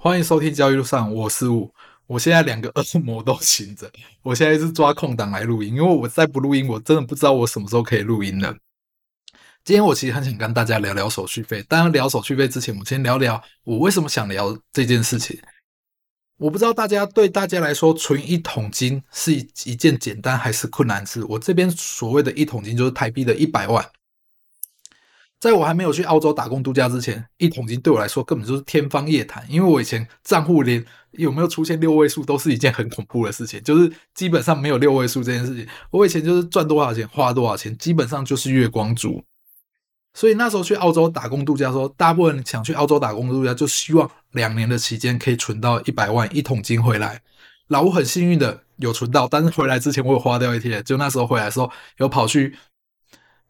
歡迎收聽交易路上，我是吳。我現在兩個惡魔都醒着，我現在是抓空檔來錄音，因為我再不錄音，我真的不知道我什麼時候可以錄音了。今天我其實很想跟大家聊聊手續費，當然聊手續費之前，我先聊聊我為什麼想聊這件事情。我不知道大家對大家來說存一桶金是一件簡單還是困難事。我這邊所謂的一桶金就是台幣的一百萬。在我還沒有去澳洲打工度假之前，一桶金對我來說根本就是天方夜譚。因為我以前賬戶連有沒有出現六位數都是一件很恐怖的事情，就是基本上沒有六位數這件事情。我以前就是賺多少錢花多少錢，基本上就是月光族。所以那時候去澳洲打工度假的時候，大部分人想去澳洲打工度假，就希望兩年的期間可以存到一百萬一桶金回來。老吳很幸運的有存到，但是回來之前我有花掉一天，就那時候回來的時候有跑去。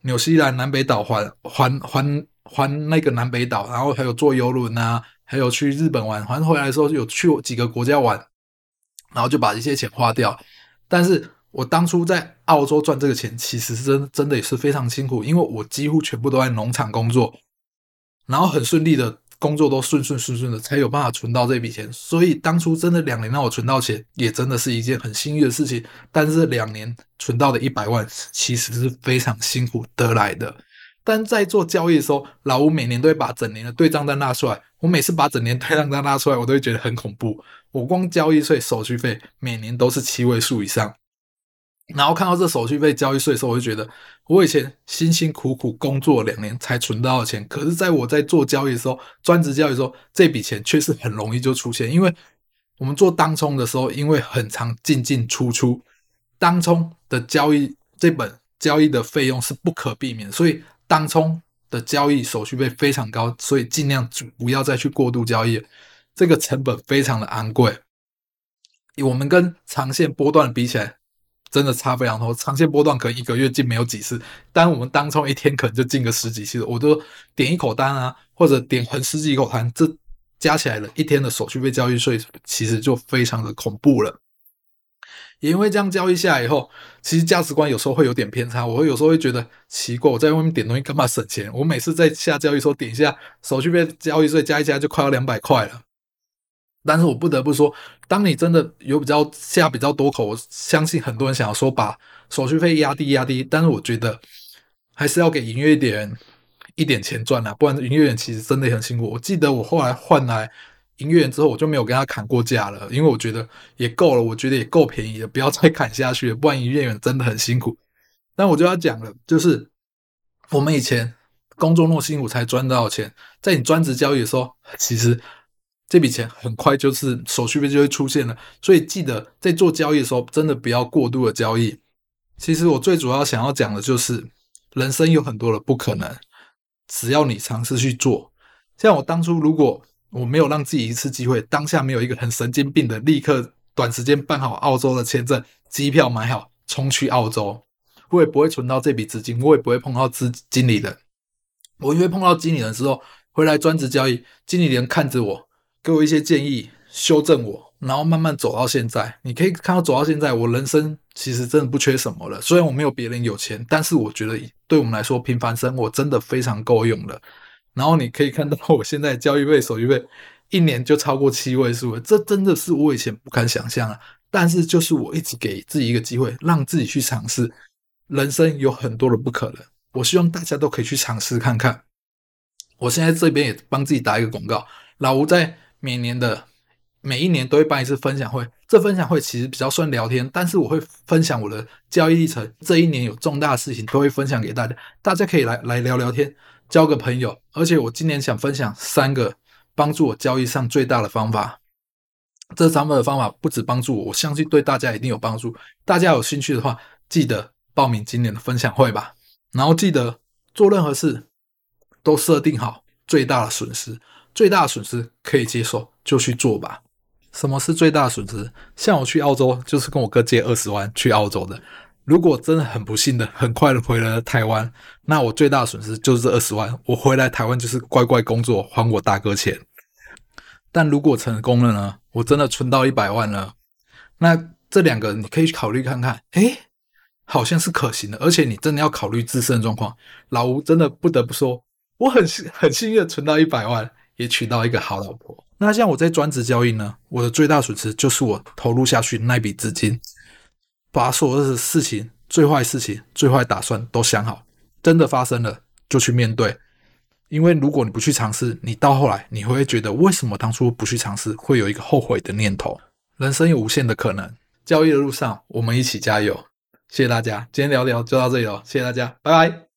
紐西蘭南北島環環環環那個南北島，然後還有坐遊輪吶、啊，還有去日本玩，反正回來的時候就有去幾個國家玩，然後就把這些錢花掉。但是我當初在澳洲賺這個錢，其實是真的真的也是非常辛苦，因為我幾乎全部都在農場工作，然後很順利的。工作都順順順順的，才有辦法存到這筆錢。所以當初真的兩年讓我存到錢，也真的是一件很幸運的事情。但是兩年存到的一百萬，其實是非常辛苦得來的。但在做交易的時候，老吳每年都會把整年的對賬單拉出來。我每次把整年對賬單拉出來，我都會覺得很恐怖。我光交易稅手續費，每年都是七位數以上。然後看到這手續費交易稅的時候，我就覺得我以前辛辛苦苦工作兩年才存到的錢，可是在我在做交易的時候，專職交易的時候，這筆錢確實很容易就出現，因為我們做當沖的時候，因為很常進進出出，當沖的交易這本交易的費用是不可避免，所以當沖的交易手續費非常高，所以儘量不要再去過度交易，這個成本非常的昂貴。我們跟長線波段比起來，真的差非常多，長線波段可能一個月進沒有幾次，但我們當沖一天可能就進個十幾次，我都點一口單啊，或者點很十幾口單，這加起來了一天的手續費交易稅其實就非常的恐怖了。也因為這樣交易下來以後，其實價值觀有時候會有點偏差，我有時候會覺得奇怪，我在外面點東西幹嘛省錢？我每次在下交易的時候點一下手續費交易稅加一加就快要兩百塊了。但是我不得不說，當你真的有比較下比較多口，我相信很多人想要說把手續費壓低壓低，但是我覺得還是要給營業員一點錢賺啊，不然營業員其實真的很辛苦。我記得我後來換來營業員之後，我就沒有跟他砍過價了，因為我覺得也夠了，我覺得也夠便宜了，不要再砍下去了。不然營業員真的很辛苦，但我就要講了，就是我們以前工作那麼辛苦才賺到錢，在你專職交易的時候，其實。這筆錢很快就是手續費就會出現了，所以記得在做交易的時候，真的不要過度的交易。其實我最主要想要講的就是，人生有很多的不可能，只要你嘗試去做。像我當初如果我沒有讓自己一次機會，當下沒有一個很神經病的，立刻短時間辦好澳洲的簽證，機票買好，衝去澳洲，我也不會存到這筆資金，我也不會碰到經理人。我因為碰到經理人的時候，回來專職交易，經理人看着我。給我一些建議，修正我，然後慢慢走到現在。你可以看到，走到現在，我人生其實真的不缺什麼了。雖然我沒有別人有錢，但是我覺得對我們來說，平凡生活真的非常夠用了。然後你可以看到，我現在交易費手續費一年就超過七位數了，這真的是我以前不敢想象啊。但是就是我一直給自己一個機會，讓自己去嘗試。人生有很多的不可能，我希望大家都可以去嘗試看看。我現在這邊也幫自己打一個廣告，老吳在。每年的每一年都會辦一次分享會，這分享會其實比較算聊天，但是我會分享我的交易歷程。這一年有重大的事情都會分享給大家，大家可以來來聊聊天，交個朋友。而且我今年想分享三個幫助我交易上最大的方法，這三個的方法不止幫助我，我相信對大家一定有幫助。大家有興趣的話，記得報名今年的分享會吧。然後記得做任何事都設定好最大的損失。最大的損失可以接受，就去做吧。什麼是最大的損失？像我去澳洲，就是跟我哥借二十萬去澳洲的。如果真的很不幸的，很快的回了台灣，那我最大的損失就是二十萬。我回來台灣就是乖乖工作，還我大哥錢。但如果成功了呢？我真的存到一百萬了，那這兩個你可以去考慮看看。哎，好像是可行的。而且你真的要考慮自身的狀況。老吳真的不得不說，我很很幸運的存到一百萬。也娶到一個好老婆。那像我在專職交易呢，我的最大損失就是我投入下去那筆資金。把所有的事情，最壞事情，最壞打算都想好，真的發生了就去面對。因為如果你不去嘗試，你到後來你會覺得為什麼當初不去嘗試，會有一個後悔的念頭。人生有無限的可能，交易的路上我們一起加油。謝謝大家，今天聊聊就到這裡了，謝謝大家，拜拜。